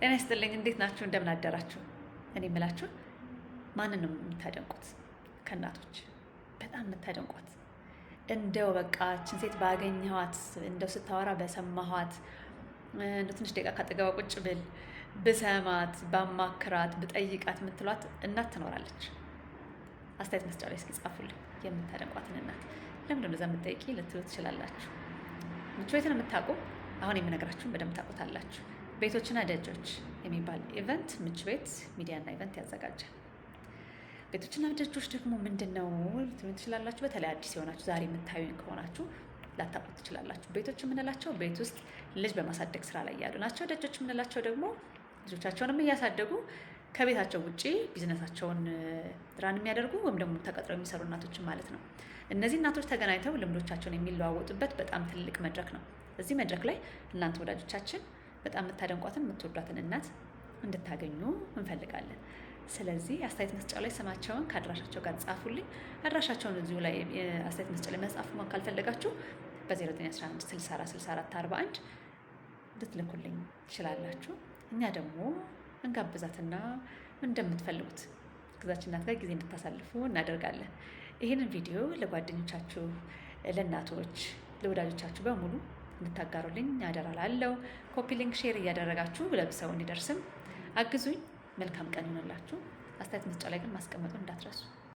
ጤና ይስጥልኝ። እንዴት ናችሁ? እንደምን አደራችሁ? እኔ የምላችሁ ማንን ነው የምታደንቁት? ከእናቶች በጣም የምታደንቋት እንደው በቃ ችን ሴት ባገኘኋት እንደው ስታወራ በሰማኋት እንደ ትንሽ ደቂቃ ካጠገባ ቁጭ ብል ብሰማት ባማክራት ብጠይቃት የምትሏት እናት ትኖራለች። አስተያየት መስጫ ላይ እስኪ ጻፉልኝ የምታደንቋትን እናት። ለምንድን ነው እዛ ልትሉ ትችላላችሁ። ምቾትን የምታውቁ አሁን የምነግራችሁን በደንብ ታውቁታላችሁ። ቤቶችና ደጆች የሚባል ኢቨንት ምች ቤት ሚዲያና ኢቨንት ያዘጋጃል። ቤቶችና ደጆች ደግሞ ምንድን ነው ትችላላችሁ። በተለይ አዲስ የሆናችሁ ዛሬ የምታዩ ከሆናችሁ ላታውቁት ትችላላችሁ። ቤቶች የምንላቸው ቤት ውስጥ ልጅ በማሳደግ ስራ ላይ ያሉ ናቸው። ደጆች የምንላቸው ደግሞ ልጆቻቸውንም እያሳደጉ ከቤታቸው ውጭ ቢዝነሳቸውን ራን የሚያደርጉ ወይም ደግሞ ተቀጥረው የሚሰሩ እናቶችን ማለት ነው። እነዚህ እናቶች ተገናኝተው ልምዶቻቸውን የሚለዋወጡበት በጣም ትልቅ መድረክ ነው። እዚህ መድረክ ላይ እናንተ ወዳጆቻችን በጣም የምታደንቋትን የምትወዷትን እናት እንድታገኙ እንፈልጋለን። ስለዚህ አስተያየት መስጫው ላይ ስማቸውን ከአድራሻቸው ጋር ጻፉልኝ። አድራሻቸውን እዚሁ ላይ አስተያየት መስጫ ላይ መጻፍ ማ ካልፈለጋችሁ በ0911646441 ልትልኩልኝ ትችላላችሁ። እኛ ደግሞ እንጋብዛትና እንደምትፈልጉት ግዛችን እናት ጋር ጊዜ እንድታሳልፉ እናደርጋለን። ይህንን ቪዲዮ ለጓደኞቻችሁ፣ ለእናቶች፣ ለወዳጆቻችሁ በሙሉ እንድታጋሩልኝ አደራ ኮፒ ሊንክ፣ ሼር እያደረጋችሁ ለብሰው እንዲደርስም አግዙኝ። መልካም ቀን ይሆንላችሁ። አስተያየት መስጫ ላይ ግን ማስቀመጡን እንዳትረሱ።